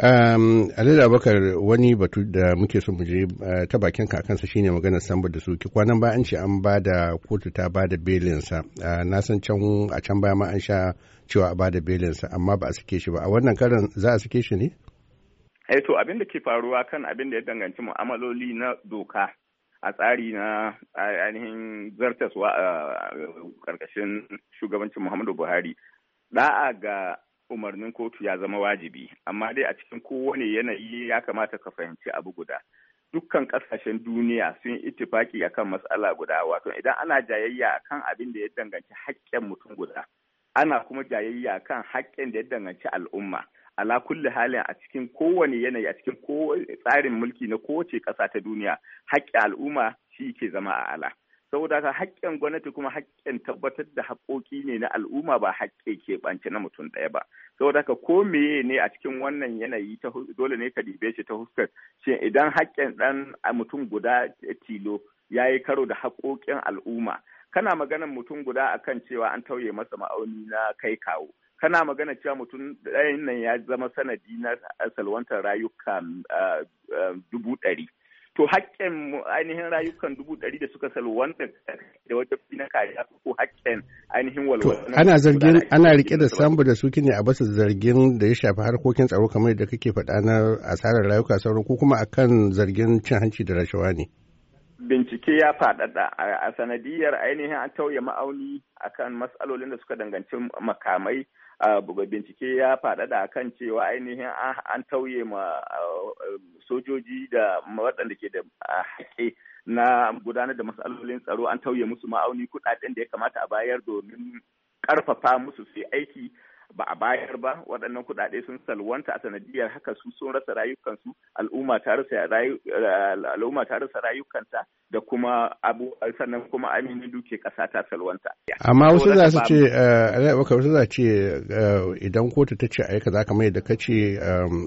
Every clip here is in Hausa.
Um, Alhaji Abubakar wani batu da muke son je eh, ta bakin kakansa shine maganar samba da suke kwanan ba an ce an ba da kotu ta ba da belinsa ah, na san can a can baya ma an sha cewa a ba da belinsa amma ba a suke shi ba a wannan karan za a sake shi ne? Eh to abin da ke faruwa kan abin da ya danganci mu'amaloli na doka a tsari na ainihin zartaswa a uh, karkashin shugabancin Muhammadu Buhari da'a ga umarnin kotu ya zama wajibi amma dai a cikin kowane yanayi ya kamata ka fahimci abu guda dukkan kasashen duniya sun yi ittifaki akan matsala guda wato idan ana jayayya akan abin da ya danganci haƙƙin mutum guda ana kuma jayayya a kan haƙƙin da ya danganci al'umma ala kulli halin a cikin kowane yanayi a cikin tsarin mulki na kowace ƙasa ta duniya haƙƙin al'umma shi ke zama a ala saboda haka haƙƙin gwamnati kuma haƙƙin tabbatar da haƙoƙi ne na al'umma ba haƙƙe ɓance na mutum ɗaya ba saboda haka ko meye ne a cikin wannan yanayi ta dole ne ka dibe shi ta huskar shi idan haƙƙin ɗan mutum guda tilo ya yi karo da haƙoƙin al'umma kana maganan mutum guda akan cewa an tauye masa ma'auni na kai kawo kana magana cewa mutum ɗayan nan ya zama sanadi na salwantar rayuka dubu ɗari to haƙƙin ainihin rayukan dubu ɗari da suka salwanta da wata na kariya ko haƙƙin ainihin walwala. ana zargin ana rike da sambu da suke ne a basu zargin da ya shafi harkokin tsaro kamar da kake faɗa na asarar rayuka sauran ko kuma akan zargin cin hanci da rashawa ne. bincike ya faɗaɗa a sanadiyar ainihin an tauye ma'auni akan matsalolin da suka danganci makamai bincike ya faɗaɗa kan cewa ainihin an tauye ma sojoji da waɗanda ke da haƙe na gudanar da matsalolin tsaro an tauye musu ma'auni kuɗaɗen da ya kamata a bayar domin ƙarfafa musu su aiki ba a bayar ba waɗannan kuɗaɗe sun salwanta a sanadiyar haka su sun rasa rayukansu al'umma ta rasa eh, rayukanta da kuma abu sannan kuma aminu duke ƙasa ta salwanta. amma wasu eh, za su ce eh, idan kotu ta ce aika za ka mai da kace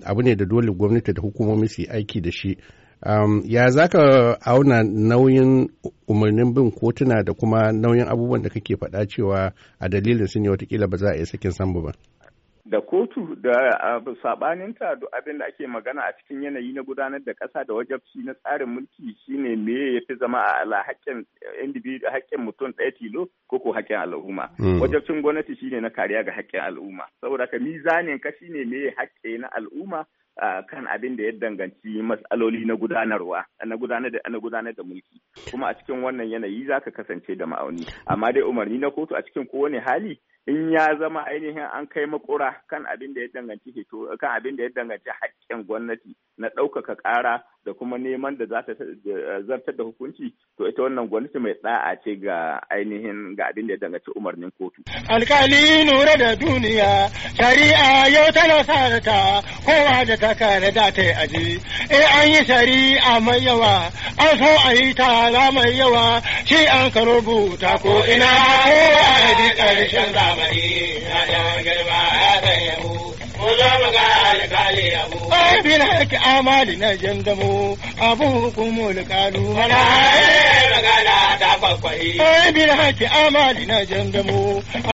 abu ne da dole gwamnati da hukumomi su yi aiki da shi Um, ya za ka auna nauyin umarnin bin kotuna da kuma nauyin abubuwan da kake faɗa cewa a dalilin su ne watakila ba za a iya sakin sambu ba? Da kotu da sabaninta da abin da ake magana a cikin yanayi na gudanar da ƙasa da wajabci na tsarin mulki shine me ya fi zama a ala haƙƙin eh, haƙƙin mutum ɗaya tilo ko ko haƙƙin al'umma. Hmm. Wajabcin gwamnati shine na kariya ga haƙƙin al'umma. Saboda ka mizanin ka shine me haƙƙe na al'umma kan abin da ya danganci matsaloli na gudanarwa na gudanar da gudanar da mulki kuma a cikin wannan yanayi zaka kasance da ma'auni amma dai umarni na kotu a cikin kowane hali in ya zama ainihin an kai makura kan abin da ya danganci kan abin da ya danganci haƙƙin gwamnati na ɗaukaka ƙara da kuma neman da za ta eh, zartar da hukunci to ita wannan gwamnati mai da'a ce ga ainihin ga abin da ya danganci umarnin kotu. Alkali nura da duniya shari'a yau tana sa ta kowa da ta kare da ta yi aji. Eh an yi shari'a mai yawa an so a yi tara mai yawa shi an ka rubuta ko ina ko a yi ƙarshen zamani. abin haka amali na jan damo abu hukumu da eh, amali na jan damo